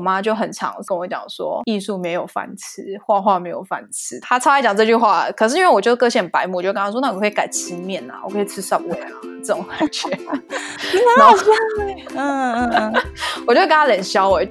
我媽就很常跟我講說，藝術沒有飯吃，畫畫沒有飯吃。她超愛講這句話。可是因為我就個性很白目，我就跟她說：“那我可以改吃麵啊，我可以吃 Subway 啊， 這種感覺。 後”你很好笑嗯嗯嗯，我就跟她冷笑哎。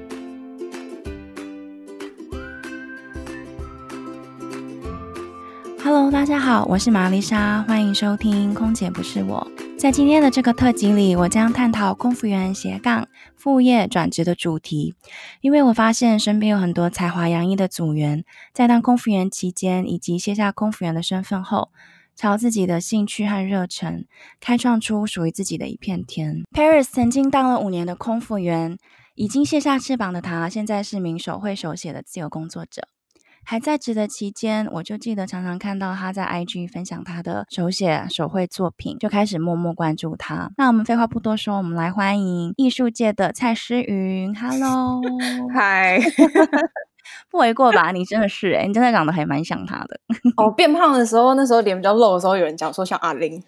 Hello，大家好，我是瑪麗莎，歡迎收聽《空姐不是我》。在今天的這個特輯裡，我將探討空服員斜槓副業轉職的主題，因為我發現身邊有很多才華洋溢的組員，在當空服員期間以及卸下空服員的身份後，朝自己的興趣和熱忱，開創出屬於自己的一片天。Paris 曾經當了五年的空服員，已經卸下翅膀的他，現在是名手繪手寫的自由工作者。還在職的期間，我就記得常常看到他在 IG 分享他的手寫手繪作品，就開始默默關注他。那我們廢話不多說，我們來歡迎藝術界的蔡詩芸。Hello，嗨 Hi， 不為過吧？你真的是誒、欸、你真的長得還蠻像他的。 哦，變胖的時候，那時候臉比較肉的時候，有人講說像阿玲，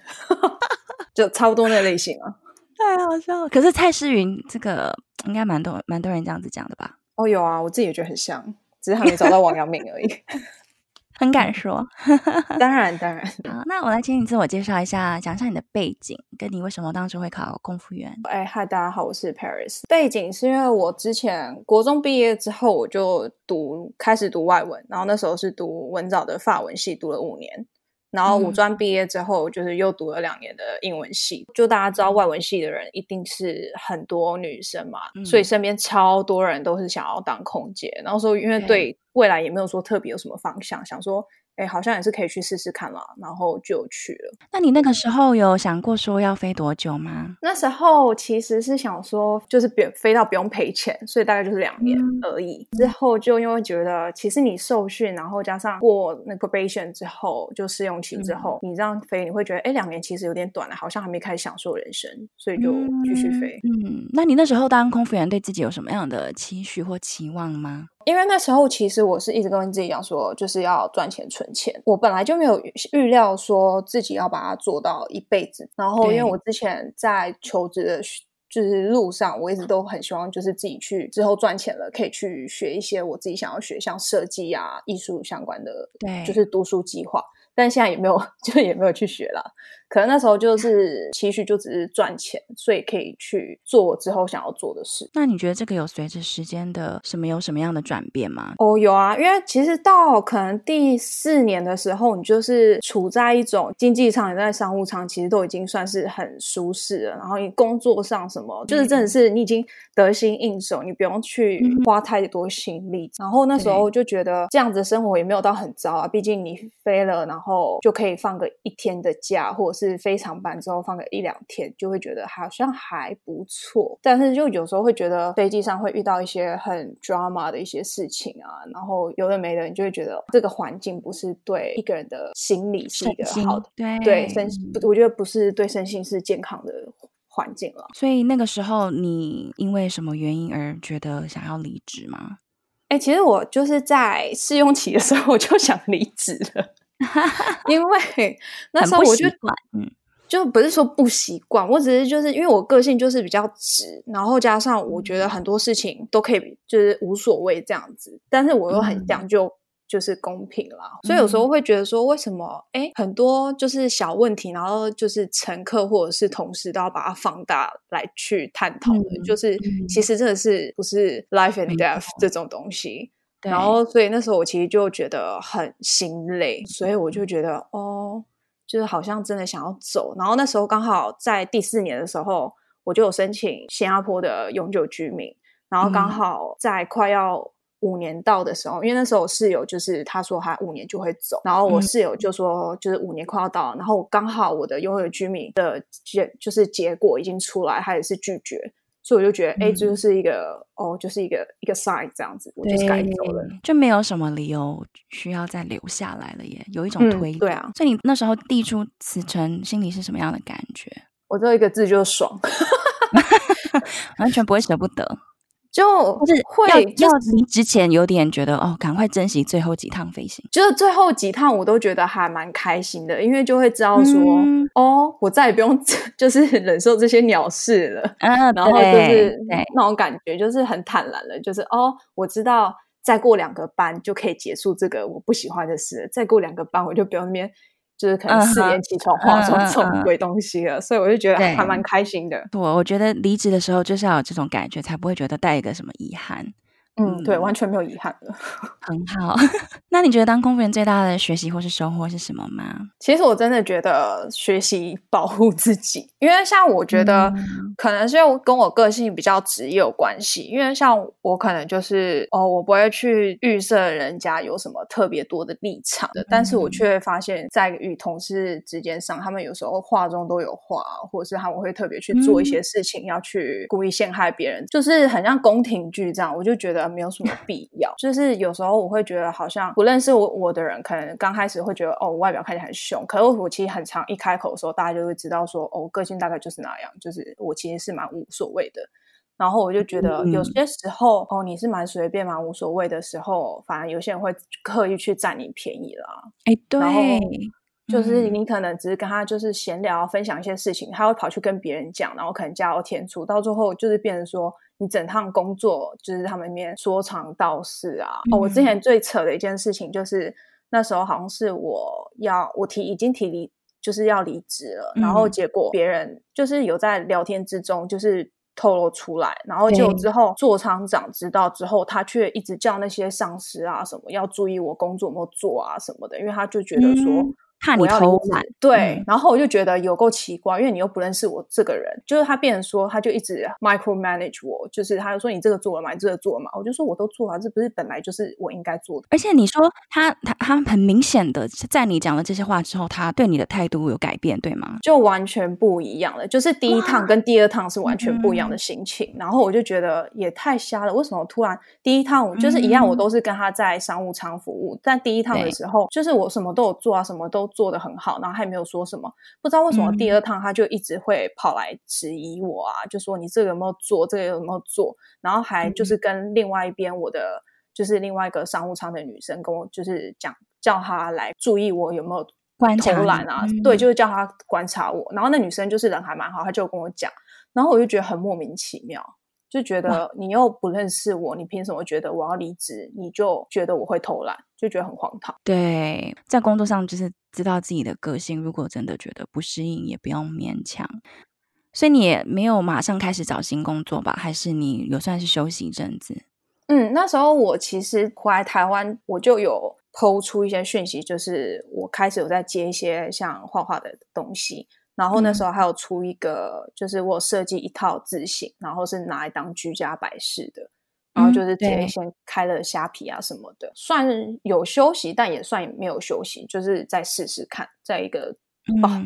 就差不多那類型啊。 太好笑了。可是蔡詩芸這個應該蠻多蠻多人這樣子講的吧？哦，有啊，我自己也覺得很像。只是還沒找到王陽明而已， 很敢說。 當然，當然。好，那我來請你自我介紹一下，講一下你的背景，跟你為什麼當初會考空服員？哎，嗨，大家好，我是 Paris。背景是因為我之前國中畢業之後，我就讀，開始讀外文，然後那時候是讀文藻的法文系，讀了五年。然後五專畢業之後，嗯、就是又讀了兩年的英文系。就大家知道，外文系的人一定是很多女生嘛，嗯、所以身邊超多人都是想要當空姐。然後說，因為對未來也沒有說特別有什麼方向，想說。哎，好像也是可以去試試看了。然後就去了。那你那個時候有想過說要飛多久嗎？那時候其實是想說，就是別飛到不用賠錢，所以大概就是兩年而已。嗯、之後就因為覺得，其實你受訓，然後加上過那個 probation 之後，就試用期之後，嗯、你這樣飛，你會覺得，哎，兩年其實有點短了，好像還沒開始享受人生，所以就繼續飛。嗯，那你那時候當空服員，對自己有什麼樣的期許或期望嗎？因為那時候，其實我是一直跟自己講說，就是要賺錢存錢。我本來就沒有預料說自己要把它做到一輩子。然後，因為我之前在求職的就是路上，我一直都很希望，就是自己去之後賺錢了，可以去學一些我自己想要學，像設計啊、藝術相關的，就是讀書計劃。對但現在也沒有，就也沒有去學了。可能那時候就是，其實就只是賺錢，所以可以去做我之後想要做的事。那你覺得這個有隨着時間的什麼有什麼樣的轉變嗎？哦，oh, 有啊，因為其實到可能第四年的時候，你就是處在一種經濟艙，也在商務艙，其實都已經算是很舒適了。然後你工作上什麼，就是真的是你已經得心應手，你不用去花太多心力。Mm hmm. 然後那時候我就覺得這樣子生活也沒有到很糟啊，畢竟你飛了，然後就可以放個一天的假，或者是。是非常棒，之後放個一兩天，就會覺得好像還不錯。但是就有時候會覺得飛機上會遇到一些很 drama 的一些事情啊，然後有的沒的，你就會覺得這個環境不是對一個人的心理是一個好的，對身心對對身，我覺得不是對身心是健康的環境了。所以那個時候，你因為什麼原因而覺得想要離職嗎？哎、欸，其實我就是在試用期的時候，我就想離職了。 因為那時候我就，嗯，就不是說不習慣，我只是就是因為我個性就是比較直，然後加上我覺得很多事情都可以就是無所謂這樣子，但是我又很講究就、嗯、就是公平啦，所以有時候會覺得說，為什麼哎、欸、很多就是小問題，然後就是乘客或者是同事都要把它放大來去探討的，嗯、就是其實這個是不是 life and death 這種東西。對然後，所以那時候我其實就覺得很心累，所以我就覺得哦，就是好像真的想要走。然後那時候剛好在第四年的時候，我就有申請新加坡的永久居民。然後剛好在快要五年到的時候，嗯、因為那時候我室友就是他說他五年就會走，然後我室友就說就是五年快要到了，然後剛好我的永久居民的結就是結果已經出來，他也是拒絕。所以我就覺得，哎、嗯，就是一個哦，就是一個一個 side 這樣子，對我就該走了、了，就沒有什麼理由需要再留下來了耶，有一種推、嗯、對啊。所以你那時候遞出辭呈，心裡是什麼樣的感覺？我只有一個字，就是爽， 完全不會捨不得。 就會要、就是、你之前有點覺得哦，趕快珍惜最後幾趟飛行。就是最後幾趟，我都覺得還蠻開心的，因為就會知道說、嗯、哦，我再也不用就是忍受這些鳥事了。啊、對然後就是、哎、那種感覺，就是很坦然了。就是哦，我知道再過兩個班就可以結束這個我不喜歡的事了。再過兩個班，我就不用在那邊。就是可能四點起床化妝這種鬼東西了，所以我就覺得還蠻開心的。對，對，我覺得離職的時候就是要有這種感覺，才不會覺得帶一個什麼遺憾。嗯，嗯對，完全沒有遺憾的。很好。 那你覺得當空服員最大的學習或是收穫是什麼嗎？其實我真的覺得學習保護自己，因為像我覺得可能是因為跟我個性比較直有關係。因為像我可能就是哦，我不會去預設人家有什麼特別多的立場的，嗯、但是我卻發現在與同事之間上，他們有時候話中都有話，或者是他們會特別去做一些事情，要去故意陷害別人，嗯、就是很像宮廷劇這樣。我就覺得。呃，沒有什麼必要。就是有時候我會覺得，好像不認識我我的人，可能剛開始會覺得，哦，外表看起來很兇。可是我其實很常一開口的時候，大家就會知道說，哦，個性大概就是那樣。就是我其實是蠻無所謂的。然後我就覺得，嗯、有些時候，哦，你是蠻隨便、蠻無所謂的時候，反而有些人會刻意去佔你便宜啦。哎，對。然後就是你可能只是跟他就是閒聊，分享一些事情，他會跑去跟別人講，然後可能加油添醋，到最後就是變成說。你整趟工作就是他們那邊說長道細啊、嗯哦！我之前最扯的一件事情就是那時候好像是我要我提已經提離就是要離職了，嗯、然後結果別人就是有在聊天之中就是透露出來，然後就之後座、嗯、艙長知道之後，他卻一直叫那些上司啊什麼要注意我工作有沒有做啊什麼的，因為他就覺得說。嗯怕你偷懶，對，嗯、然後我就覺得有夠奇怪，因為你又不認識我這個人。就是他變成說，他就一直 micromanage 我，就是他就說你這個做了嘛，你這個做了嘛。我就說我都做了，這不是本來就是我應該做的。而且你說他他他很明顯的在你講了這些話之後，他對你的態度有改變，對嗎？就完全不一樣了，就是第一趟跟第二趟是完全不一樣的心情。嗯、然後我就覺得也太瞎了，為什麼突然第一趟我就是一樣，我都是跟他在商務艙服務，嗯、但第一趟的時候對就是我什麼都有做啊，什麼都。做得很好，然後他也沒有說什麼，不知道為什麼第二趟他就一直會跑來質疑我啊，嗯、就說你這個有沒有做，這個有沒有做，然後還就是跟另外一邊我的、嗯、就是另外一個商務艙的女生跟我就是講，叫她來注意我有沒有偷懶觀察啊，嗯、對，就是叫她觀察我。然後那女生就是人還蠻好，她就跟我講，然後我就覺得很莫名其妙。就覺得你又不認識我，哇你憑什麼覺得我要離職？你就覺得我會偷懶，就覺得很荒唐。對，在工作上就是知道自己的個性，如果真的覺得不適應，也不用勉強。所以你也沒有馬上開始找新工作吧？還是你有算是休息一陣子？嗯，那時候我其實回來台灣，我就有拋出一些訊息，就是我開始有在接一些像畫畫的東西。然後那時候還有出一個，嗯、就是我設計一套字型，然後是拿來當居家擺飾的。然後就是今天先開了蝦皮啊什麼的，嗯、算有休息，但也算也沒有休息，就是再試試看，在一個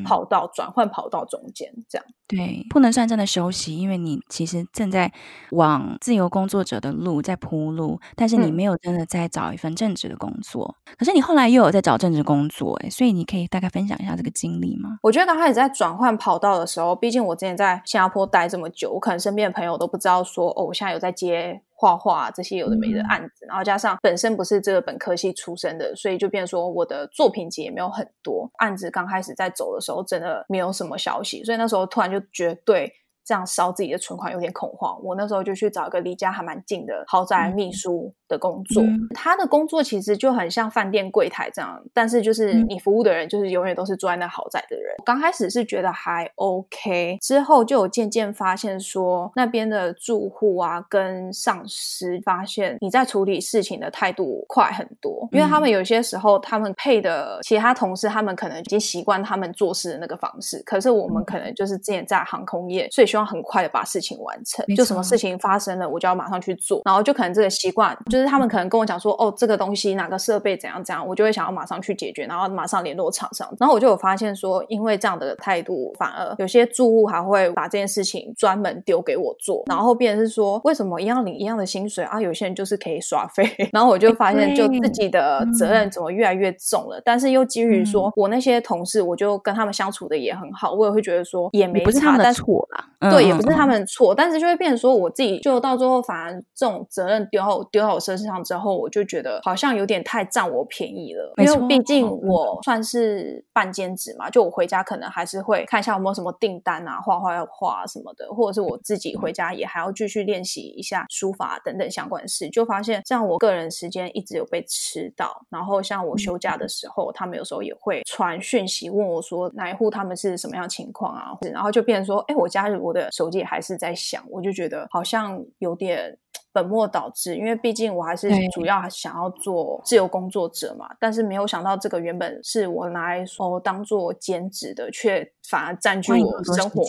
跑道轉、嗯、轉換跑道中間這樣。對，不能算真的休息，因為你其實正在往自由工作者的路在鋪路，但是你沒有真的在找一份正職的工作。嗯、可是你後來又有在找正職工作，哎，所以你可以大概分享一下這個經歷嗎？我覺得剛開始在轉換跑道的時候，畢竟我之前在新加坡待這麼久，我可能身邊的朋友都不知道說，哦，我現在有在接畫畫這些有的沒的案子。嗯、然後加上本身不是這個本科系出身的，所以就變說我的作品集也沒有很多案子。剛開始在走的時候，真的沒有什麼消息，所以那時候突然就。就絕對這樣燒自己的存款，有點恐慌。我那時候就去找一個離家還蠻近的豪宅秘書。嗯的工作，嗯、他的工作其實就很像飯店櫃檯這樣，但是就是你服務的人就是永遠都是住在那豪宅的人。我剛開始是覺得還 OK，之後就有漸漸發現說，那邊的住戶啊跟上司發現你在處理事情的態度快很多，因為他們有些時候他們配的其他同事，他們可能已經習慣他們做事的那個方式，可是我們可能就是之前在航空業，所以希望很快的把事情完成，沒錯。就什麼事情發生了，我就要馬上去做，然後就可能這個習慣。就是他們可能跟我講說，哦，這個東西哪個設備怎樣怎樣，我就會想要馬上去解決，然後馬上聯絡廠商。然後我就有發現說，因為這樣的態度，反而有些住戶還會把這件事情專門丟給我做，然後變成是說，為什麼一樣領一樣的薪水啊？有些人就是可以耍廢，然後我就發現，就自己的責任怎麼越來越重了。但是又基於說我那些同事，我就跟他們相處的也很好，我也會覺得說，也沒差，但是錯啦，對，也不是他們錯，但是就會變成說，我自己就到最後反而這種責任丟到丟到我身上之後，我就覺得好像有點太占我便宜了，因為畢竟我算是半兼職嘛，就我回家可能還是會看一下有沒有什麼訂單啊、畫畫畫什麼的，或者是我自己回家也還要繼續練習一下書法等等相關事，就發現像我個人時間一直有被吃到，然後像我休假的時候，他們有時候也會傳訊息問我說哪一戶他們是什麼樣情況啊，然後就變成說，哎，我家我的手機還是在響，我就覺得好像有點。本末倒置，因為畢竟我還是主要想要做自由工作者嘛，對但是沒有想到這個原本是我拿來當做兼職的，卻反而占據我生活。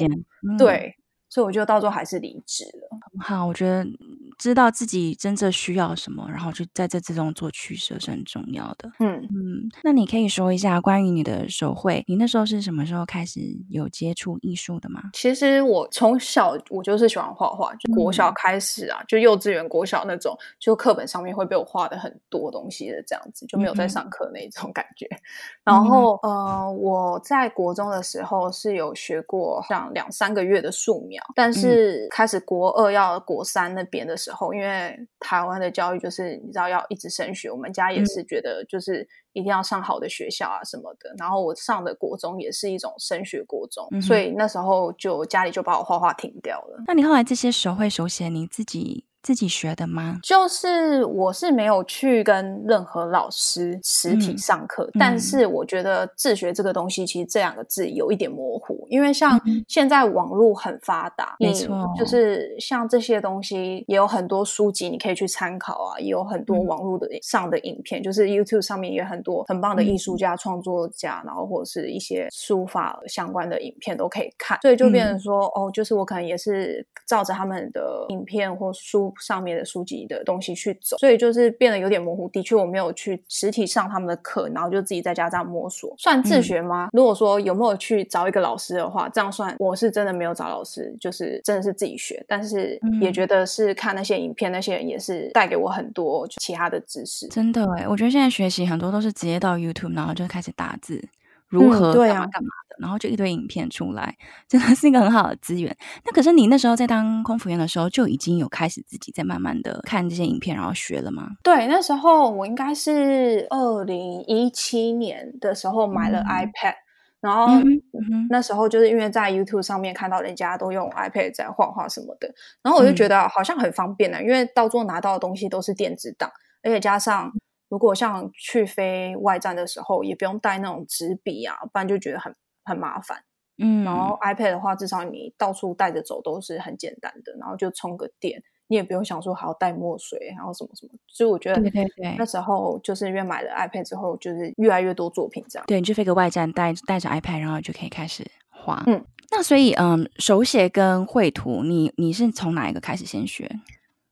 嗯、對，所以我就到最後還是離職了。好，我覺得。知道自己真正需要什麼，然後就在這之中做取舍是很重要的。嗯嗯，那你可以說一下關於你的手繪，你那時候是什麼時候開始有接觸藝術的嗎？其實我從小我就是喜歡畫畫，就國小開始啊，嗯、就幼稚園、國小那種，就課本上面會被我畫的很多東西的這樣子，就沒有在上課那一種感覺。嗯嗯。然後呃，我在國中的時候是有學過像兩三個月的素描，但是開始國二要國三那邊的時候。時候，因為台灣的教育，就是你知道要一直升學，我們家也是覺得就是一定要上好的學校啊什麼的。嗯、然後我上的國中也是一種升學國中，嗯、哼所以那時候就家裡就把我畫畫停掉了。那你後來這些手繪會手寫你自己自己學的嗎？就是我是沒有去跟任何老師實體上課，嗯、但是我覺得自學這個東西，其實這兩個字有一點模糊，因為像現在網絡很發達，嗯嗯、沒錯、哦，就是像這些東西也有很多書籍你可以去參考啊，也有很多網絡的上的影片，嗯、就是 YouTube 上面也很多很棒的藝術家、嗯、創作家，然後或者是一些書法相關的影片都可以看，所以就變成說，嗯、哦，就是我可能也是照着他們的影片或書。上面的書籍的東西去走，所以就是變得有點模糊。的確，我沒有去實體上他們的課，然後就自己在家這樣摸索，算自學嗎？嗯、如果說有沒有去找一個老師的話，這樣算，我是真的沒有找老師，就是真的是自己學，但是也覺得是看那些影片，嗯、那些人也是帶給我很多其他的知識。真的耶，我覺得現在學習很多都是直接到 YouTube，然後就開始打字。如何幹嘛、嗯啊、幹嘛的，然後就一堆影片出來，真的是一個很好的資源。那可是你那時候在當空服員的時候，就已經有開始自己在慢慢的看這些影片，然後學了嗎？對，那時候我應該是二零一七年的時候買了 iPad，嗯、然後那時候就是因為在 YouTube 上面看到人家都用 iPad 在畫畫什麼的，然後我就覺得好像很方便呢，嗯、因為到最後拿到的東西都是電子檔，而且加上。如果像去飛外站的時候，也不用帶那種紙筆啊，不然就覺得很很麻煩。嗯，然後 iPad 的話，嗯、至少你到處帶着走都是很簡單的，然後就充個電，你也不用想說還要帶墨水，然後什麼什麼。所以我覺得對對對對，那時候就是因為買了 iPad 之後，就是越來越多作品這樣。對，你去飛個外站，帶帶着 iPad，然後就可以開始畫。嗯，那所以嗯，手寫跟繪圖，你你是從哪一個開始先學？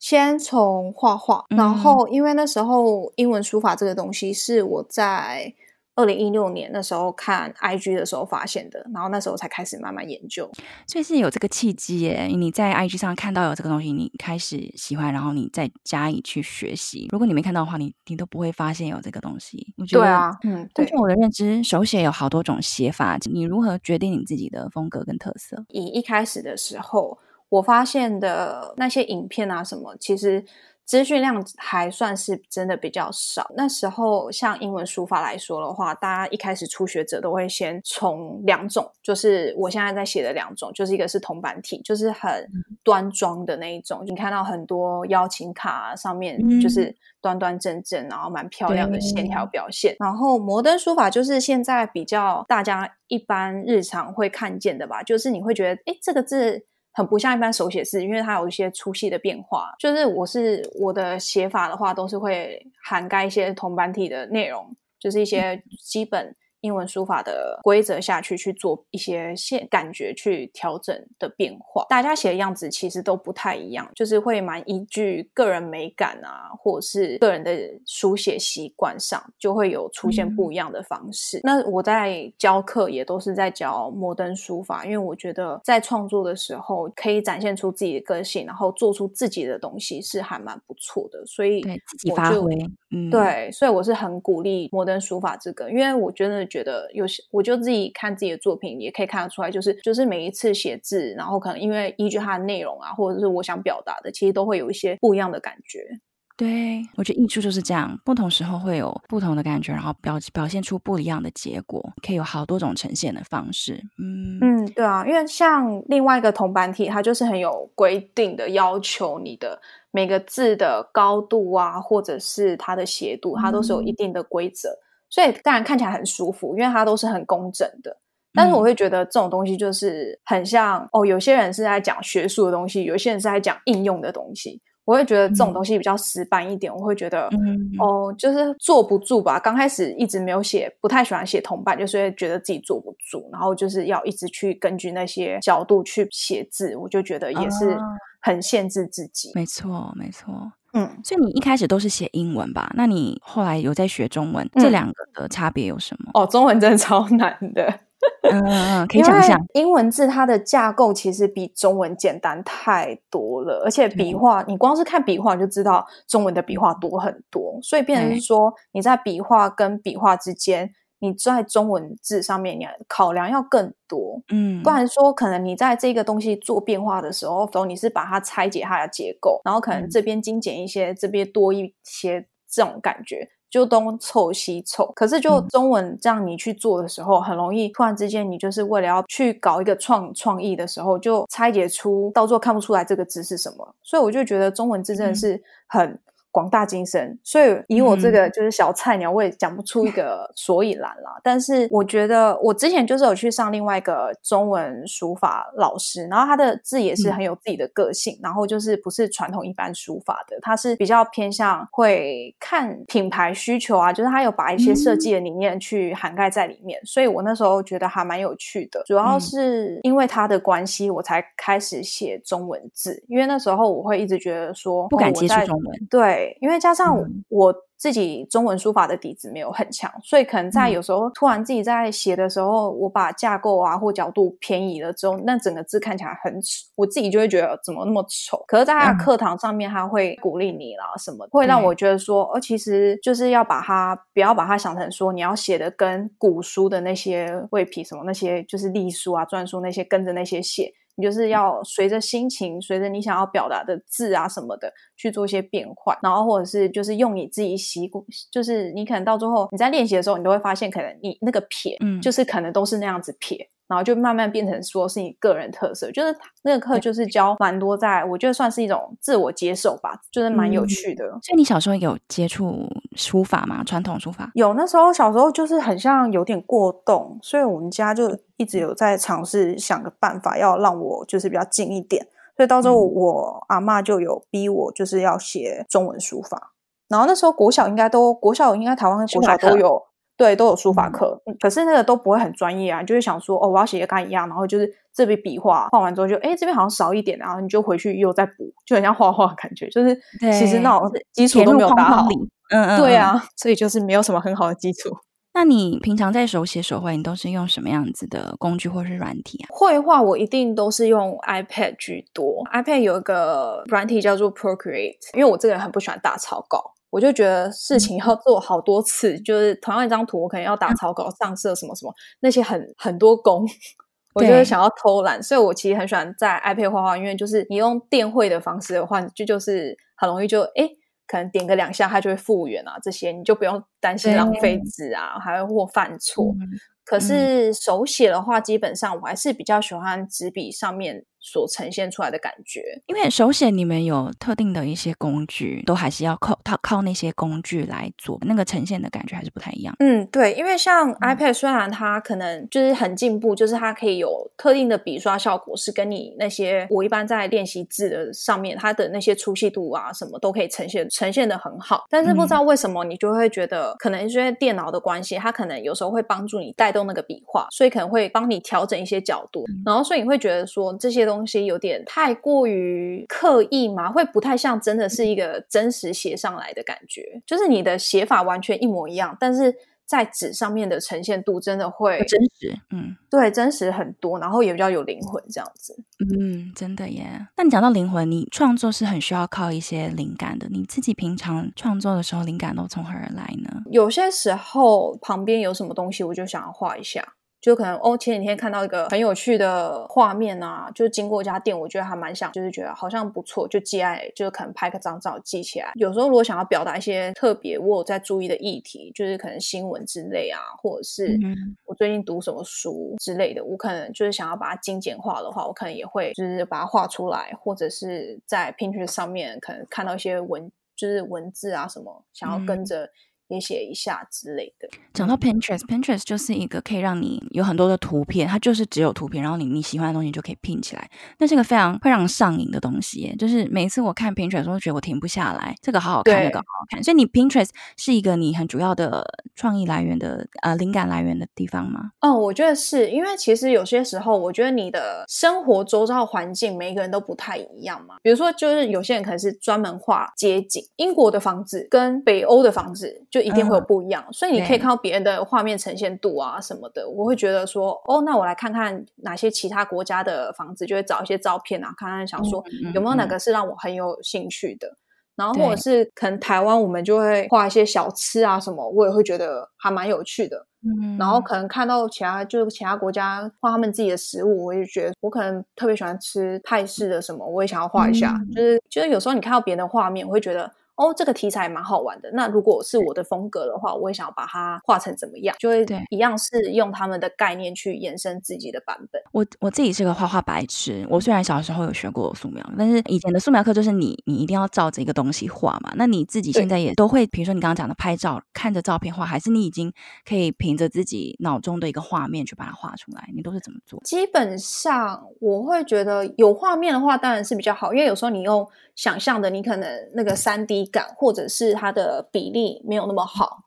先從畫畫，然後因為那時候英文書法這個東西是我在二零一六年那時候看 I G 的時候發現的，然後那時候才開始慢慢研究。所以是有這個契機耶，你在 I G 上看到有這個東西，你開始喜歡，然後你再加以去學習。如果你沒看到的話，你你都不會發現有這個東西。我覺得對啊，嗯，根據我的認知，手寫有好多種寫法，你如何決定你自己的風格跟特色？以一開始的時候。我發現的那些影片啊什麼，其實資訊量還算是真的比較少。那時候像英文書法來說的話，大家一開始初學者都會先從兩種，就是我現在在寫的兩種，就是一個是銅板體，就是很端莊的那一種，嗯、你看到很多邀請卡、啊、上面就是端端正正，然後蠻漂亮的線條表現。嗯、然後摩登書法就是現在比較大家一般日常會看見的吧，就是你會覺得哎，這個字。很不像一般手寫字，因為它有一些粗細的變化。就是我是我的寫法的話，都是會涵蓋一些銅版體的內容，就是一些基本。嗯英文書法的規則下去去做一些現感覺去調整的變化，大家寫的樣子其實都不太一樣，就是會蠻依據個人美感啊，或者是個人的書寫習慣上，就會有出現不一樣的方式。嗯、那我在教課也都是在教摩登書法，因為我覺得在創作的時候可以展現出自己的個性，然後做出自己的東西是還蠻不錯的，所以我就嗯、對，所以我是很鼓勵摩登書法這個，因為我真的覺得有，有些我就自己看自己的作品，也可以看得出來，就是就是每一次寫字，然後可能因為依據它的內容啊，或者是我想表達的，其實都會有一些不一樣的感覺。對，我覺得藝術就是這樣，不同時候會有不同的感覺，然後表表現出不一樣的結果，可以有好多種呈現的方式。嗯嗯，對啊，因為像另外一個銅板體，它就是很有規定的要求你的。每個字的高度啊，或者是它的斜度，它都是有一定的規則，嗯、所以當然看起來很舒服，因為它都是很工整的。但是我會覺得這種東西就是很像、嗯、哦，有些人是在講學術的東西，有些人是在講應用的東西。我會覺得這種東西比較死板一點，嗯、我會覺得，嗯、哦，就是坐不住吧。剛開始一直沒有寫，不太喜歡寫同伴，就是覺得自己坐不住，然後就是要一直去根據那些角度去寫字，我就覺得也是很限制自己。啊、沒錯，沒錯，嗯。所以你一開始都是寫英文吧？那你後來有在學中文，這兩個的差別有什麼？嗯、哦，中文真的超難的。嗯，可以講一下。因為英文字它的架構其實比中文簡單太多了，而且筆畫，對你光是看筆畫就知道中文的筆畫多很多，所以變成說你在筆畫跟筆畫之間，你在中文字上面你要考量要更多，嗯，不然說可能你在這個東西做變化的時候，從你是把它拆解它的結構，然後可能這邊精簡一些，嗯、這邊多一些這種感覺。就東湊西湊，可是就中文這樣你去做的時候，嗯、很容易突然之間，你就是為了要去搞一個創創意的時候，就拆解出到最後看不出來這個字是什麼，所以我就覺得中文字真的是很、嗯。很廣大精深，所以以我這個就是小菜鳥，我也講不出一個所以然啦，嗯、但是我覺得我之前就是有去上另外一個中文書法老師，然後他的字也是很有自己的個性，嗯、然後就是不是傳統一般書法的，他是比較偏向會看品牌需求啊，就是他有把一些設計的理念去涵蓋在裡面。嗯、所以我那時候覺得還蠻有趣的，主要是因為他的關係，我才開始寫中文字，嗯、因為那時候我會一直覺得說不敢接觸中文，哦、對。因為加上我自己中文書法的底子沒有很強，所以可能在有時候突然自己在寫的時候，我把架構啊或角度偏移了之後，那整個字看起來很醜，我自己就會覺得怎麼那麼醜。可是，在他的課堂上面，他會鼓勵你啦，什麼的會讓我覺得說，哦，其實就是要把它，不要把它想成說你要寫的跟古書的那些魏碑什麼那些，就是隸書啊、篆書那些跟着那些寫。你就是要隨着心情，隨着、嗯、你想要表達的字啊什麼的去做一些變換。然後或者是就是用你自己習慣，就是你可能到最後你在練習的時候，你都會發現可能你那個撇，嗯，就是可能都是那樣子撇，然後就慢慢變成說是你個人特色。就是那個課就是教蠻多在，在、嗯、我覺得算是一種自我接受吧，就是蠻有趣的。所以你小時候有接觸書法嗎？傳統書法？有，那時候小時候就是很像有點過動，所以我們家就。一直有在嘗試想個辦法，要讓我就是比較近一點，所以到時候我阿媽就有逼我，就是要寫中文書法。然後那時候國小應該都國小，應該台灣國小都有，對，都有書法課。嗯、可是那個都不會很專業啊，就是想說哦，我要寫跟人一樣，然後就是這筆筆畫畫完之後就哎、欸，這邊好像少一點，然後你就回去又再補，就很像畫畫感覺，就是對其實那種基礎都沒有打好。嗯嗯，對啊，所以就是沒有什麼很好的基礎。那你平常在手寫手繪，你都是用什麼樣子的工具或是軟體啊？繪畫我一定都是用 iPad 居多。iPad 有一個軟體叫做 Procreate，因為我這個人很不喜歡打草稿，我就覺得事情要做好多次，就是同樣一張圖，我可能要打草稿、上色，什麼什麼，那些很很多工，我就會想要偷懶，對所以我其實很喜歡在 iPad 畫畫，因為就是你用電繪的方式的話，就就是很容易就誒可能點個兩下，它就會復原啊，這些你就不用擔心浪費紙啊，嗯、還會或犯錯。嗯、可是手寫的話，嗯、基本上我還是比較喜歡紙筆上面。所呈現出來的感覺，因為手寫你們有特定的一些工具，都還是要靠靠那些工具來做，那個呈現的感覺還是不太一樣。嗯，對，因為像 iPad，雖然它可能就是很進步，嗯、就是它可以有特定的筆刷效果，是跟你那些我一般在練習字的上面，它的那些粗細度啊什麼都可以呈現呈現的很好。但是不知道為什麼，你就會覺得可能是因為電腦的關係，它可能有時候會幫助你帶動那個筆畫，所以可能會幫你調整一些角度，嗯、然後所以你會覺得說這些都。東西有點太過於刻意嘛，會不太像真的是一個真實寫上來的感覺。就是你的寫法完全一模一樣，但是在紙上面的呈現度真的會真實，嗯，對，真實很多，然後也比較有靈魂，這樣子，嗯，真的耶。那你講到靈魂，你創作是很需要靠一些靈感的。你自己平常創作的時候，靈感都從何而來呢？有些時候旁邊有什麼東西，我就想要畫一下。就可能哦，前幾天看到一個很有趣的畫面啊，就經過一家店，我覺得還蠻像，就是覺得好像不錯，就記愛，就是可能拍個張照記起來。有時候如果想要表達一些特別我有在注意的議題，就是可能新聞之類啊，或者是我最近讀什麼書之類的，我可能就是想要把它精簡化的話，我可能也會就是把它畫出來，或者是在 Pinterest 上面可能看到一些文，就是文字啊什麼，想要跟着。寫一下之類的。講到 Pinterest，Pinterest 就是一個可以讓你有很多的圖片，它就是只有圖片，然後你你喜歡的東西就可以拼起來。那是一個非常非常上癮的東西，就是每次我看 Pinterest，我都覺得我停不下來。這個好好看，那對個好好看。所以你 Pinterest 是一個你很主要的創意來源的呃靈感來源的地方嗎？哦，我覺得是因為其實有些時候，我覺得你的生活周遭環境，每一個人都不太一樣嘛。比如說，就是有些人可能是專門畫街景，英國的房子跟北歐的房子。就一定會有不一樣，所以你可以看到別人的畫面呈現度啊什麼的，我會覺得說，哦，那我來看看哪些其他國家的房子，就會找一些照片啊，看看想說有沒有哪個是讓我很有興趣的。然後或者是可能台灣，我們就會畫一些小吃啊什麼，我也會覺得還蠻有趣的。嗯，然後可能看到其他就是其他國家畫他們自己的食物，我就覺得我可能特別喜歡吃泰式的什麼，我也想要畫一下。就是就是有時候你看到別人的畫面，我會覺得。哦，這個題材蠻好玩的。那如果是我的風格的話，對我會想要把它畫成怎麼樣，就會一樣是用他們的概念去延伸自己的版本。我我自己是個畫畫白痴，我雖然小時候有學過素描，但是以前的素描課就是你你一定要照着一個東西畫嘛。那你自己現在也都會，對比如說你剛剛講的拍照，看着照片畫，還是你已經可以憑着自己腦中的一個畫面去把它畫出來？你都是怎麼做？基本上我會覺得有畫面的話當然是比較好，因為有時候你用想象的，你可能那個 3D。感或者是它的比例沒有那麼好，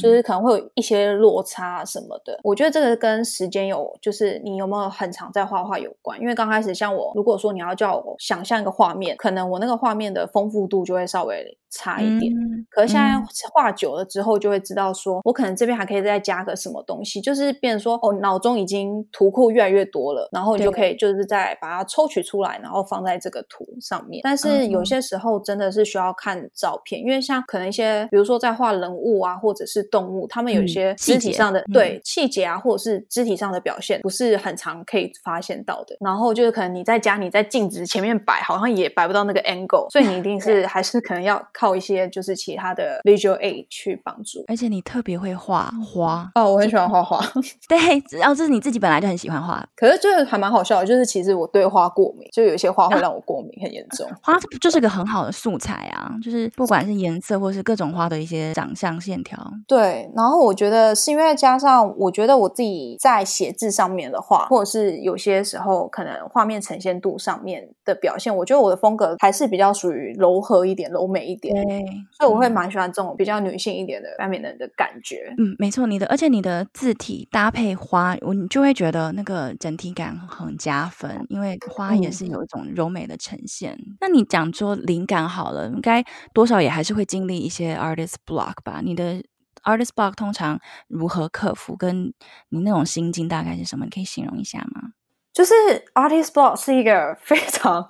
就是可能會有一些落差什麼的。我覺得這個跟時間有，就是你有沒有很常在畫畫有關。因為剛開始，像我，如果說你要叫我想象一個畫面，可能我那個畫面的豐富度就會稍微。差一點，嗯、可是現在畫久了之後就會知道說，說、嗯、我可能這邊還可以再加個什麼東西，就是變說，哦，腦中已經圖庫越來越多了，然後你就可以就是再把它抽取出來，然後放在這個圖上面。對但是有些時候真的是需要看照片，嗯、因為像可能一些，比如說在畫人物啊，或者是動物，他們有一些肢體上的、嗯、細節對細節啊，或者是肢體上的表現，嗯、不是很常可以發現到的。然後就是可能你在家，你在鏡子前面擺，好像也擺不到那個 angle，、嗯、所以你一定是、嗯、還是可能要。靠一些就是其他的 visual aid 去幫助，而且你特別會畫花哦，就我很喜歡畫畫， 對，然後這是你自己本來就很喜歡畫，可是就是還蠻好笑的，就是其實我對花過敏，就有些花會讓我過敏、啊、很嚴重。啊、花、就是、就是個很好的素材啊，就是不管是顏色或是各種花的一些長相線條。對，然後我覺得是因為加上我覺得我自己在寫字上面的話，或者是有些時候可能畫面呈現度上面的表現，我覺得我的風格還是比較屬於柔和一點、柔美一點。對，所以我會蠻喜歡這種比較女性一點的 feminine 的感覺。嗯，沒錯，你的而且你的字體搭配花，我你就會覺得那個整體感很加分，因為花也是有一種柔美的呈現。嗯，那你講說靈感好了，應該多少也還是會經歷一些 artist block 吧？你的 artist block 通常如何克服？跟你那種心境大概是什麼？你可以形容一下嗎？就是 artist block 是一個非常。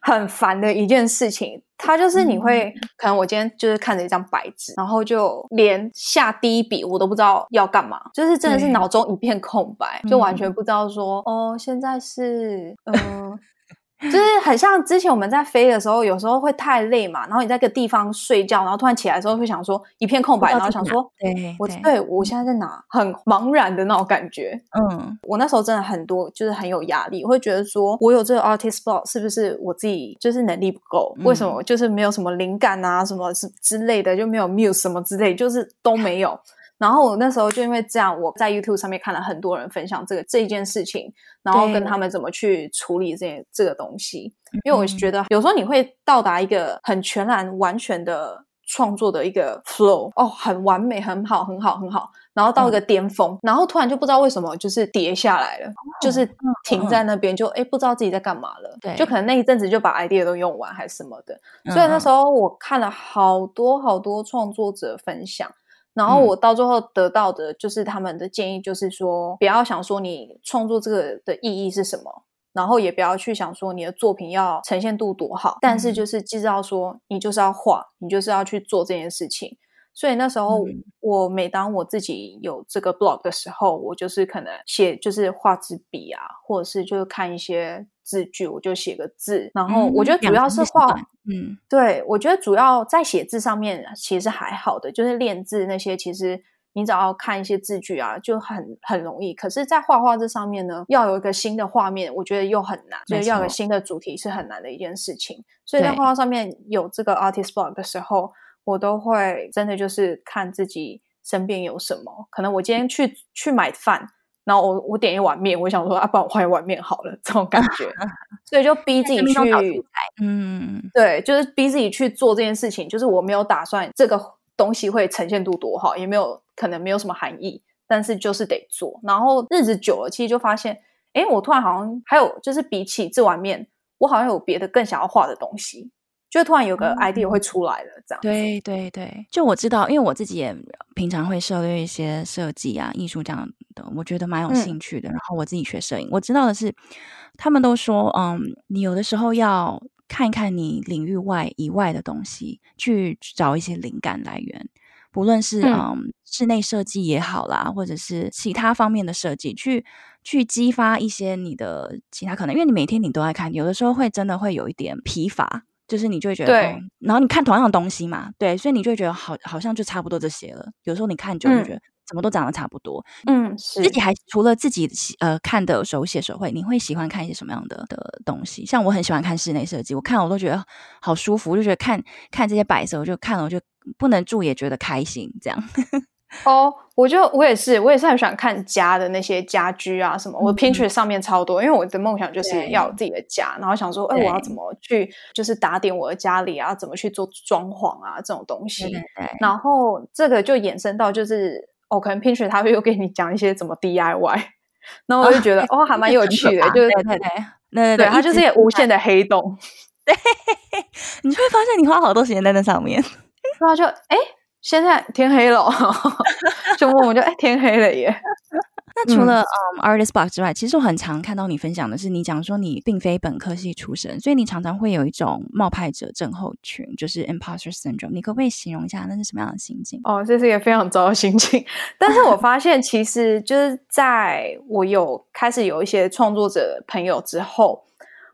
很煩的一件事情，它就是你會、嗯、可能我今天就是看着一張白紙，然後就連下第一筆我都不知道要幹嘛，就是真的是腦中一片空白，嗯、就完全不知道說哦，現在是嗯，呃 就是很像之前我們在飛的時候，有時候會太累嘛，然後你在一個地方睡覺，然後突然起來的時候會想說一片空白，然後想說，對我對，對，對我現在在哪，嗯，很茫然的那種感覺。嗯，我那時候真的很多就是很有壓力，會覺得說，我有這個 artist block 是不是我自己就是能力不夠？嗯，為什麼就是沒有什麼靈感啊，什麼是之類的，就沒有 muse 什麼之類，就是都沒有。 然後我那時候就因為這樣，我在 YouTube 上面看了很多人分享這個這一件事情，然後跟他們怎麼去處理這件對這個東西。因為我是覺得有時候你會到達一個很全然、完全的創作的一個 flow 哦，很完美、很好、很好、很好，然後到一個巔峰，嗯、然後突然就不知道為什麼就是跌下來了，哦、就是停在那邊就，就哎、哦哦、不知道自己在幹嘛了。對，就可能那一陣子就把 idea 都用完還是什麼的。所以那時候我看了好多好多創作者分享。然後我到最後得到的就是他們的建議，就是說不要想說你創作這個的意義是什麼，然後也不要去想說你的作品要呈現得多好，但是就是記得要說你就是要畫，你就是要去做這件事情。所以那時候，我每當我自己有這個 block 的時候，嗯、我就是可能寫，就是畫支筆啊，或者是就是看一些字句，我就寫個字。然後我覺得主要是畫，嗯，對，我覺得主要在寫字上面其實還好的，就是練字那些，其實你只要看一些字句啊，就很很容易。可是，在畫畫這上面呢，要有一個新的畫面，我覺得又很難，所以沒錯。要有新的主題是很難的一件事情。所以在畫畫上面有這個 artist block 的時候。我都會真的就是看自己身邊有什麼，可能我今天去，嗯、去買飯，然後我我點一碗麵，我想說啊，不然我畫一碗麵好了，這種感覺。 所以就逼自己去，台，嗯，對，就是逼自己去做這件事情。就是我沒有打算這個東西會呈現度多好，也沒有可能沒有什麼含義，但是就是得做。然後日子久了，其實就發現，哎，我突然好像還有，就是比起這碗麵，我好像有別的更想要畫的東西。就突然有個 idea、嗯、會出來了，這樣，對對對。對對，就我知道，因為我自己也平常會涉獵一些設計啊、藝術這樣的，我覺得蠻有興趣的。嗯、然後我自己學攝影，我知道的是，他們都說，嗯，你有的時候要看一看你領域外以外的東西，去找一些靈感來源，不論是嗯室內設計也好啦，或者是其他方面的設計，去去激發一些你的其他可能。因為你每天你都在看，有的時候會真的會有一點疲乏。就是你就會覺得，對然後你看同樣的東西嘛，對，所以你就會覺得好，好像就差不多這些了。有時候你看久，就會覺得、嗯、什麼都長得差不多。嗯，是。自己還除了自己喜呃看的手寫手繪，你會喜歡看一些什麼樣的的東西？像我很喜歡看室內設計，我看我都覺得好舒服，就覺得看看這些擺設，我就看了我就不能住也覺得開心這樣。 哦，我就我也是，我也是很喜歡看家的那些家居啊什麼，我 Pinterest 上面超多，因為我的夢想就是要自己的家，然後想說，哎，我要怎麼去就是打點我的家裡啊，怎麼去做裝潢啊這種東西。然後這個就衍生到就是，哦，可能 Pinterest 他會又給你講一些怎麼 DIY，然後我就覺得，哦，還蠻有趣的，就是對對對對，他就是也無限的黑洞，對，你會發現你花好多時間在那上面，然後就哎。現在天黑了，熊 哥，我們就哎天黑了耶。 那除了嗯、um, artist block 之外，其實我很常看到你分享的是，你講說你並非本科系出身，所以你常常會有一種冒牌者症候群，就是 imposter syndrome。你可不可以形容一下那是什麼樣的心情？哦，這是一個非常糟的心情。 但是我發現，其實就是在我有開始有一些創作者朋友之後。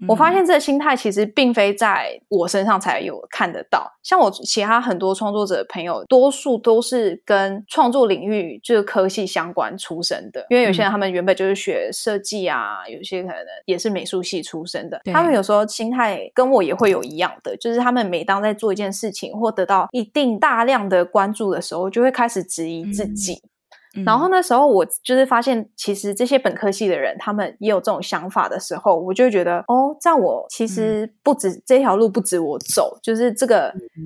我發現這個心態其實並非在我身上才有看得到，像我其他很多創作者朋友，多數都是跟創作領域就是科系相關出身的，因為有些人他們原本就是學設計啊，有些可能也是美術系出身的，他們有時候心態跟我也會有一樣的，就是他們每當在做一件事情或得到一定大量的關注的時候，就會開始質疑自己。嗯。然後那時候我就是發現，其實這些本科系的人他們也有這種想法的時候，我就會覺得哦，在我其實不止，嗯、這條路不止我走，就是這個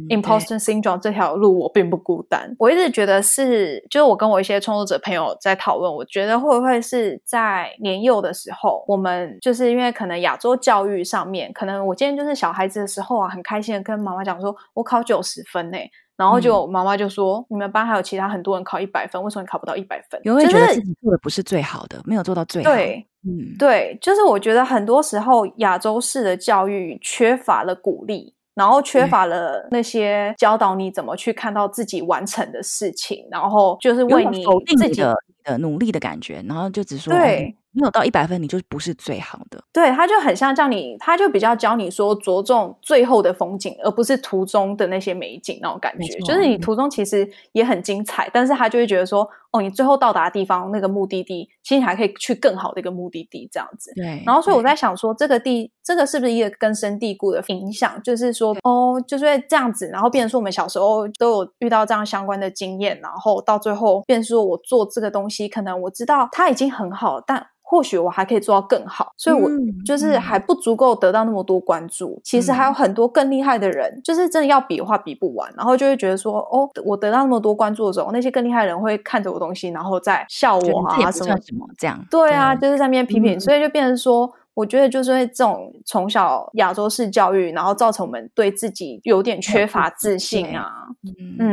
imposter syndrome 這條路我並不孤單。哎、我一直覺得是，就是我跟我一些創作者朋友在討論，我覺得會不會是在年幼的時候，我們就是因為可能亞洲教育上面，可能我今天就是小孩子的時候啊，很開心的跟媽媽講說，我考九十分呢、欸。」然後就媽媽就說：“嗯、你們班還有其他很多人考一百分，為什麼你考不到一百分？”因為覺得自己做的不是最好的，就是，沒有做到最好。對，嗯，對，就是我覺得很多時候亞洲式的教育缺乏了鼓勵，然後缺乏了那些教導你怎麼去看到自己完成的事情，然後就是為你自己的努力的感覺，對然後就只說對。沒有到一百分，你就不是最好的。對，他就很像叫你，他就比較教你說，着重最後的風景，而不是途中的那些美景那種感覺。沒錯，就是你途中其實也很精彩，但是他就會覺得說。哦，你最後到達的地方那個目的地，其實你還可以去更好的一個目的地，這樣子。對。然後，所以我在想說，對這個地，這個是不是一個根深蒂固的影響？就是說，對哦，就是會這樣子。然後，變成說我們小時候都有遇到這樣相關的經驗，然後到最後變成說我做這個東西，可能我知道它已經很好，但或許我還可以做到更好。所以我就是還不足夠得到那麼多關注。嗯、其實還有很多更厲害的人，嗯、就是真的要比的話比不完。然後就會覺得說，哦，我得到那麼多關注的時候，那些更厲害的人會看着我。東西，然後再笑我啊，什麼什麼、啊、這樣？對啊，對就是在那邊批評，評，嗯、所以就變成說。我覺得就是會這種從小亞洲式教育，然後造成我們對自己有點缺乏自信啊。嗯，嗯，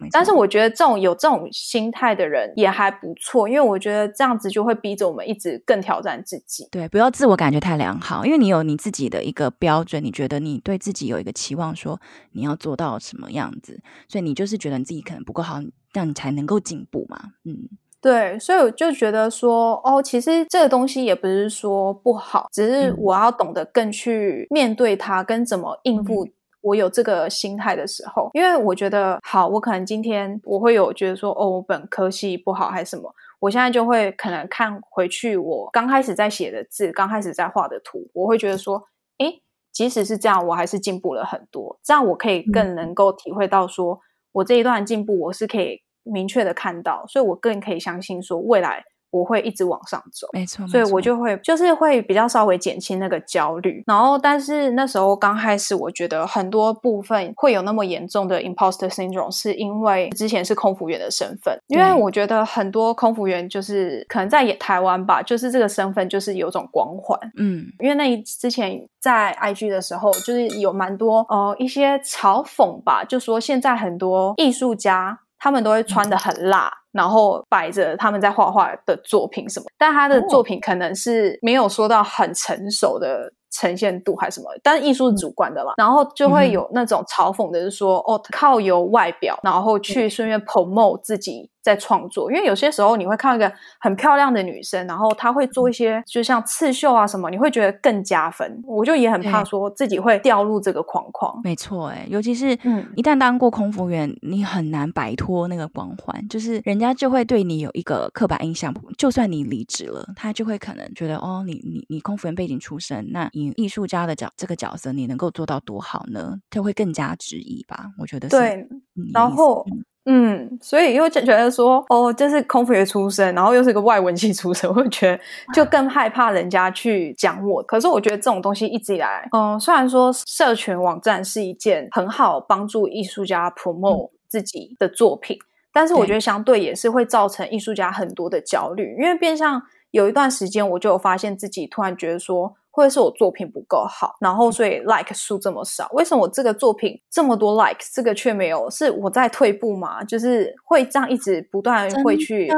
沒錯。但是我覺得這種有這種心態的人也還不錯，因為我覺得這樣子就會逼着我們一直更挑戰自己。對，不要自我感覺太良好，因為你有你自己的一個標準，你覺得你對自己有一個期望，說你要做到什麼樣子，所以你就是覺得你自己可能不夠好，那你才能夠進步嘛。嗯。對，所以我就覺得說，哦，其實這個東西也不是說不好，只是我要懂得更去面對它，跟怎麼應付。我有這個心態的時候，嗯、因為我覺得，好，我可能今天我會有覺得說，哦，我本科系不好還是什麼，我現在就會可能看回去我剛開始在寫的字，剛開始在畫的圖，我會覺得說，哎，即使是這樣，我還是進步了很多。這樣我可以更能夠體會到說，說、嗯、我這一段進步，我是可以。明確的看到，所以我更可以相信說，未來我會一直往上走，沒錯錯，所以我就會錯就是會比較稍微減輕那個焦慮。然後，但是那時候剛開始，我覺得很多部分會有那麼嚴重的 imposter syndrome，是因為之前是空服員的身份，嗯，因為我覺得很多空服員就是可能在台灣吧，就是這個身份就是有種光環，嗯，因為那一之前在 IG 的時候，就是有蠻多呃一些嘲諷吧，就說現在很多藝術家。他們都會穿得很辣，然後擺着他們在畫畫的作品什麼，但他的作品可能是沒有說到很成熟的呈現度還是什麼，但是藝術是主觀的啦，然後就會有那種嘲諷的是說，哦，靠，由外表然後去順便 promote 自己。在創作，因為有些時候你會看一個很漂亮的女生，然後她會做一些，就像刺繡啊什麼，你會覺得更加分。我就也很怕說自己會掉入這個框框。沒錯，哎，尤其是一旦當過空服員，嗯，你很難擺脫那個光環，就是人家就會對你有一個刻板印象。就算你離職了，他就會可能覺得，哦，你你你空服員背景出身，那你藝術家的角這個角色，你能夠做到多好呢？他會更加質疑吧，我覺得是。對，然後。嗯，所以又覺得說，哦，這是空服的出身，然後又是個外文系出身，我覺得就更害怕人家去講我。可是我覺得這種東西一直以來，嗯，雖然說社群網站是一件很好幫助藝術家 promote 自己的作品，但是我覺得相對也是會造成藝術家很多的焦慮，因為變相有一段時間，我就有發現自己突然覺得說。會是我作品不夠好，然後所以 like 數這麼少。為什麼我這個作品這麼多 like，這個卻沒有？是我在退步嗎？就是會這樣一直不斷會去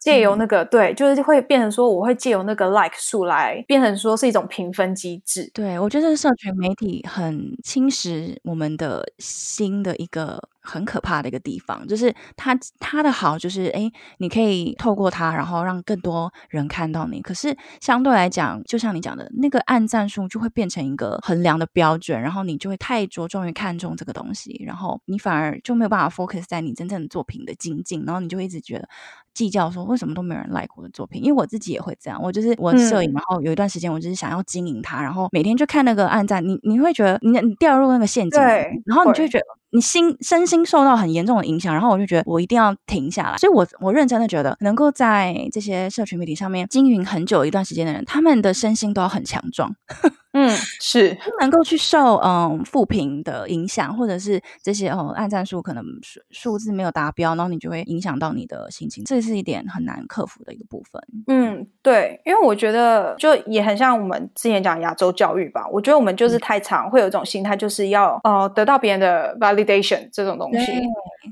借由那個真的。對，就是會變成說我會借由那個 like 數來變成說是一種評分機制。對，我覺得社群媒體很侵蝕我們的心的一個。很可怕的一個地方，就是它它的好就是，哎，你可以透過它，然後讓更多人看到你。可是相對來講，就像你講的，那個按讚數就會變成一個衡量的標準，然後你就會太着重於看重這個東西，然後你反而就沒有辦法 focus 在你真正的作品的精進，然後你就一直覺得計較說為什麼都沒有人 like 我的作品。因為我自己也會這樣，我就是我攝影，嗯、然後有一段時間我就是想要經營它，然後每天就看那個按讚，你你會覺得你你掉入那個陷阱，對然後你就會覺得。你心身心受到很嚴重的影響，然後我就覺得我一定要停下來，所以我我認真的覺得，能夠在這些社群媒體上面經營很久一段時間的人，他們的身心都要很強壯。 嗯，是不能夠去受嗯負評的影響，或者是這些哦，按讚數，可能數數字沒有達標，然後你就會影響到你的心情，這是一點很難克服的一個部分。嗯，對，因為我覺得就也很像我們之前講亞洲教育吧，我覺得我們就是太常會有一種心態，就是要哦、呃、得到別人的 validation 這種東西，對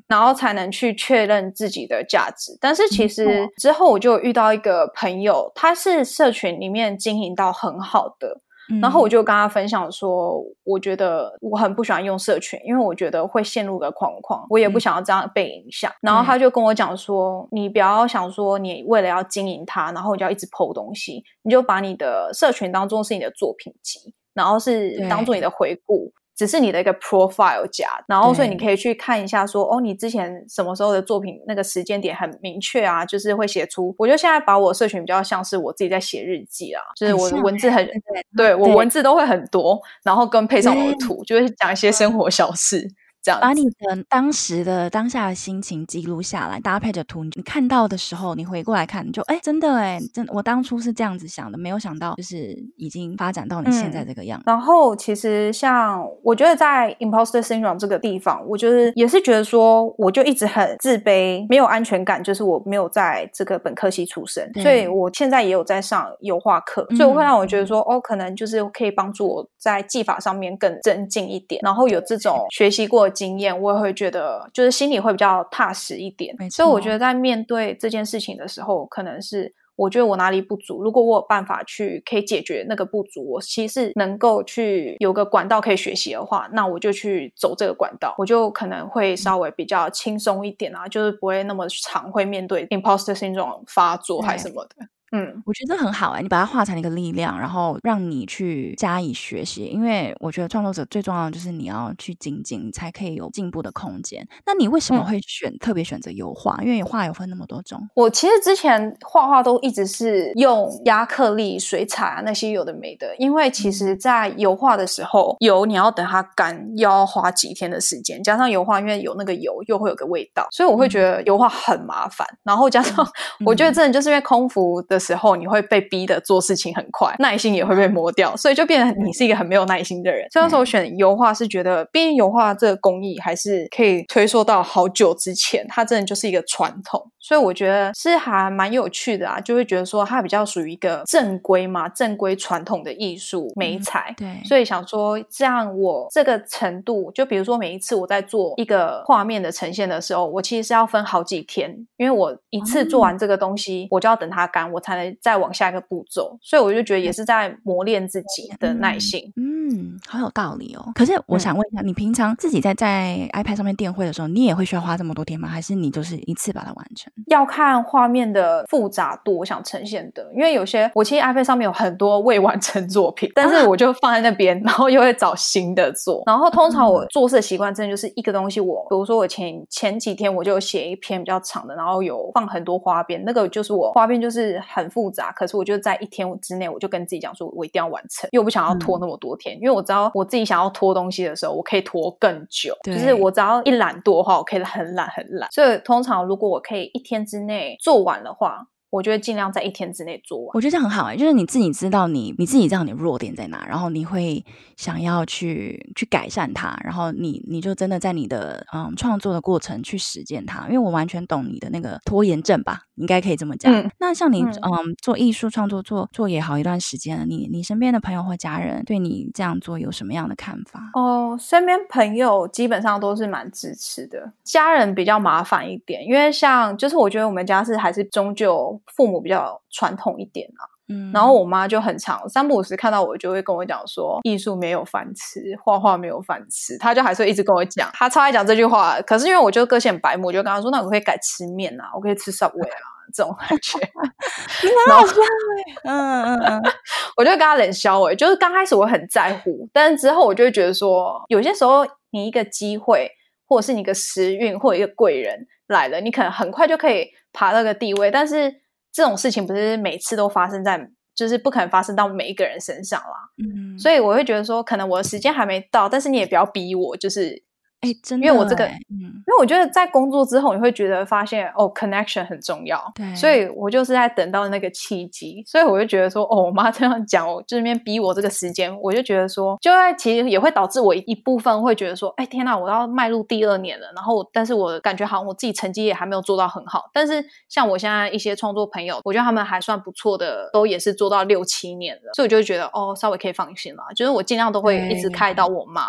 然後才能去確認自己的價值。但是其實之後我就遇到一個朋友，他是社群裡面經營到很好的。然後我就跟他分享說，我覺得我很不喜歡用社群，因為我覺得會陷入個框框，我也不想要這樣被影響。然後他就跟我講說，你不要想說你為了要經營它，然後你就要一直 po 東西，你就把你的社群當做是你的作品集，然後是當做你的回顧。只是你的一個 profile 假，然後所以你可以去看一下說，說對哦，你之前什麼時候的作品，那個時間點很明確啊，就是會寫出。我覺得現在把我社群比較像是我自己在寫日記啊，就是我文字很，嗯、對，對，我文字都會很多，然後跟配上我的圖，就會講一些生活小事。嗯嗯這樣把你的當時的當下的心情記錄下來，搭配着圖，你看到的時候，你回過來看，你就哎、欸，真的哎、欸，真的我當初是這樣子想的，沒有想到就是已經發展到你現在這個樣子。嗯、然後其實像我覺得在 imposter syndrome 這個地方，我就是也是覺得說，我就一直很自卑，沒有安全感，就是我沒有在這個本科系出身，嗯、所以我現在也有在上油畫課，嗯、所以我會讓我覺得說，哦，可能就是可以幫助我在技法上面更增進一點，然後有這種學習過經驗，我也會覺得，就是心裡會比較踏實一點。沒錯哦。所以我覺得，在面對這件事情的時候，可能是我覺得我哪裡不足，如果我有辦法去可以解決那個不足，我其實能夠去有個管道可以學習的話，那我就去走這個管道，我就可能會稍微比較輕鬆一點啊，就是不會那麼常會面對 impostor syndrome 發作還是什麼的。嗯，我覺得這很好哎、欸，你把它化成一個力量，然後讓你去加以學習。因為我覺得創作者最重要的就是你要去精進，才可以有進步的空間。那你為什麼會選、嗯、特別選擇油畫？因為油畫有分那麼多種。我其實之前畫畫都一直是用壓克力、水彩啊那些有的沒的。因為其實，在油畫的時候，油你要等它乾，要花幾天的時間。加上油畫，因為有那個油又會有個味道，所以我會覺得油畫很麻煩。然後加上，嗯、我覺得真的就是因為空服的時候你會被逼的做事情很快，耐心也會被磨掉，所以就變得你是一個很沒有耐心的人。嗯、所以當時我選油畫是覺得，畢竟油畫這個工藝還是可以追溯到好久之前，它真的就是一個傳統，所以我覺得是還蠻有趣的啊。就會覺得說它比較屬於一個正規嘛，正規傳統的藝術美，媒材、嗯。對，所以想說這樣我這個程度，就比如說每一次我在做一個畫面的呈現的時候，我其實是要分好幾天，因為我一次做完這個東西，我就要等它乾我。才能再往下一個步驟，所以我就覺得也是在磨練自己的耐心、嗯。嗯，好有道理哦。可是我想問一下，嗯、你平常自己在在 iPad 上面電繪的時候，你也會需要花這麼多天嗎？還是你就是一次把它完成？要看畫面的複雜度，我想呈現的。因為有些我其實 iPad 上面有很多未完成作品，但是我就放在那邊， 然後又會找新的做。然後通常我做事的習慣真的就是一個東西我，我比如說我前前幾天我就寫一篇比較長的，然後有放很多花邊，那個就是我花邊就是。很複雜，可是我就在一天之內，我就跟自己講說，我一定要完成，因為我不想要拖那麼多天。嗯、因為我知道我自己想要拖東西的時候，我可以拖更久，就對是我只要一懶惰的話，我可以很懶很懶。所以通常如果我可以一天之內做完的話。我覺得盡量在一天之內做完。我覺得這樣很好哎、欸，就是你自己知道你你自己知道你的弱點在哪，然後你會想要去去改善它，然後你你就真的在你的嗯創作的過程去實踐它。因為我完全懂你的那個拖延症吧，應該可以這麼講。嗯、那像你嗯，嗯做藝術創作，作做做也好一段時間了，你你身邊的朋友或家人對你這樣做有什麼樣的看法？哦，身邊朋友基本上都是蠻支持的，家人比較麻煩一點，因為像就是我覺得我們家是還是終究。父母比較傳統一點啊，嗯、然後我媽就很常，三不五時看到我就會跟我講說，藝術沒有飯吃，畫畫沒有飯吃，她就還是會一直跟我講，她超愛講這句話。可是因為我就個性很白目，我就跟她說，那我可以改吃麵啊，我可以吃 Subway 啊， 這種感覺，真嗯嗯嗯，我就跟她冷笑哎，就是剛開始我很在乎，但是之後我就會覺得說，有些時候你一個機會，或者是你一個時運，或者一個貴人來了，你可能很快就可以爬那個地位，但是。這種事情不是每次都發生在，就是不可能發生到每一個人身上啦。嗯，所以我會覺得說，可能我的時間還沒到，但是你也不要逼我，就是。因為我這個，因為我覺得在工作之後，你會覺得發現哦，connection 很重要。對所以我就是在等到那個契機，所以我就覺得說，哦，我媽這樣講，我這邊逼我這個時間，我就覺得說，就在其實也會導致我一部分會覺得說，哎，天哪，我要邁入第二年了。然後，但是我感覺好像我自己成績也還沒有做到很好。但是，像我現在一些創作朋友，我覺得他們還算不錯的，都也是做到六七年了。所以我就覺得，哦，稍微可以放心了。就是我尽量都會一直開導我媽。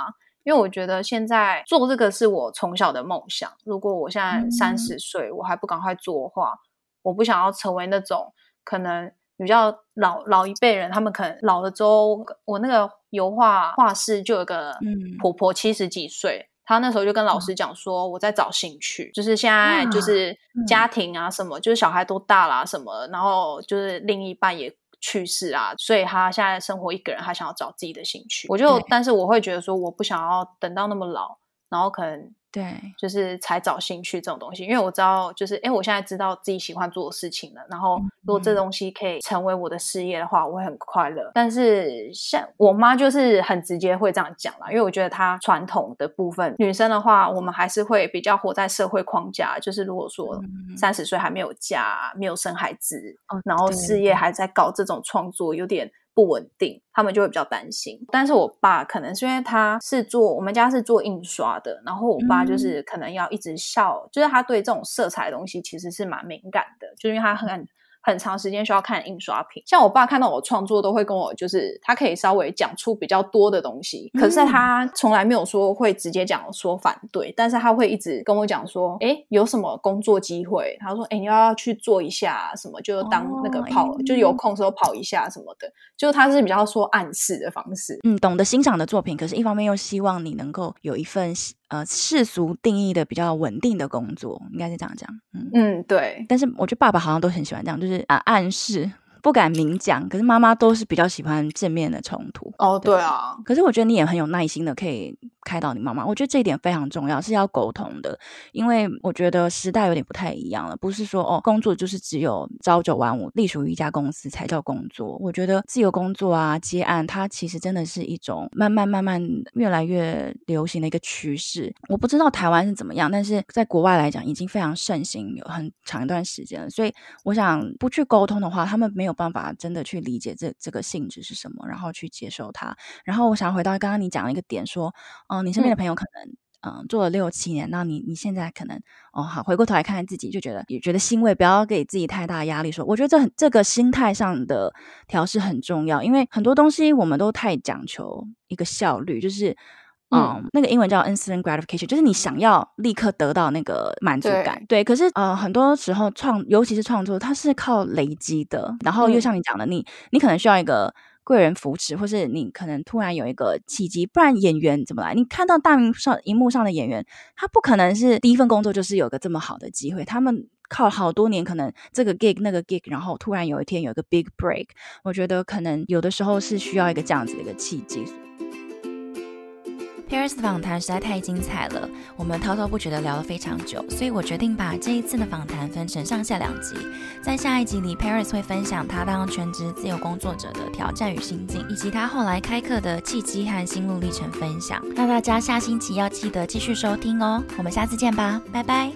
因為我覺得現在做這個是我從小的夢想。如果我現在三十歲，我還不趕快做的話，我不想要成為那種可能比較老老一輩人。他們可能老了之後，我那個油畫畫室就有個婆婆，七十幾歲，她、嗯、那時候就跟老師講說，我在找興趣，就是現在就是家庭啊什麼，嗯、就是小孩都大了、啊、什麼，然後就是另一半也。去世啊，所以他現在生活一個人，他想要找自己的興趣。對我就，但是我會覺得說，我不想要等到那麼老。然後可能對，就是才找興趣這種東西，對因為我知道，就是哎，我現在知道自己喜歡做的事情了。然後如果這東西可以成為我的事業的話，我會很快樂。但是像我媽就是很直接會這樣講啦，因為我覺得她傳統的部分，女生的話，我們還是會比較活在社會框架。就是如果說三十歲還沒有嫁，沒有生孩子，嗯、然後事業還在搞這種創作，對對，有點。不穩定，他們就會比較擔心。但是我爸可能是因為他是做我們家是做印刷的，然後我爸就是可能要一直笑，嗯、就是他對這種色彩的東西其實是蠻敏感的，就是、因為他很。很長時間需要看印刷品，像我爸看到我創作都會跟我，就是他可以稍微講出比較多的東西，嗯、可是他從來沒有說會直接講說反對，但是他會一直跟我講說，哎、欸，有什麼工作機會？他說，哎、欸，你要去做一下什麼，就當那個跑，哦、就有空的時候跑一下什麼的，嗯、就是他是比較說暗示的方式，嗯，懂得欣賞的作品，可是一方面又希望你能夠有一份呃世俗定義的比較穩定的工作，應該是這樣講，嗯嗯對，但是我覺得爸爸好像都很喜歡這樣，就是。啊，暗示。不敢明講，可是媽媽都是比較喜歡正面的衝突哦，oh, 對啊對。可是我覺得你也很有耐心的，可以開導你媽媽，我覺得這一點非常重要，是要溝通的。因為我覺得時代有點不太一樣了，不是說哦，工作就是只有朝九晚五，隸屬於一家公司才叫工作。我覺得自由工作啊，接案，它其實真的是一種慢慢慢慢越來越流行的一個趨勢。我不知道台灣是怎麼樣，但是在國外來講，已經非常盛行有很長一段時間了。所以我想不去溝通的話，他們沒有。辦法真的去理解這這個性質是什麼，然後去接受它。然後我想回到剛剛你講的一個點，說，嗯、呃，你身邊的朋友可能，嗯、呃，做了六七年，那你你現在可能，哦，好，回過頭來看看自己，就覺得也覺得欣慰，不要給自己太大壓力。說，我覺得這很這個心態上的調適很重要，因為很多東西我們都太講求一個效率，就是。Uh, 嗯，那個英文叫 instant gratification，就是你想要立刻得到那個滿足感。對，對，可是呃，很多時候創，尤其是創作，它是靠累積的。然後又像你講的，嗯、你你可能需要一個貴人扶持，或是你可能突然有一個契機。不然演員怎麼來？你看到大螢上、熒幕上的演員，他不可能是第一份工作就是有個這麼好的機會。他們靠好多年，可能這個 gig 那個 gig，然後突然有一天有一個 big break。我覺得可能有的時候是需要一個這樣子的一個契機。Paris 的訪談實在太精彩了，我們滔滔不絕地聊了非常久，所以我決定把這一次的訪談分成上下兩集。在下一集裡，Paris 會分享他當全職自由工作者的挑戰與心境，以及他後來開課的契機和心路歷程分享。那大家下星期要記得繼續收聽哦，我們下次見吧，拜拜。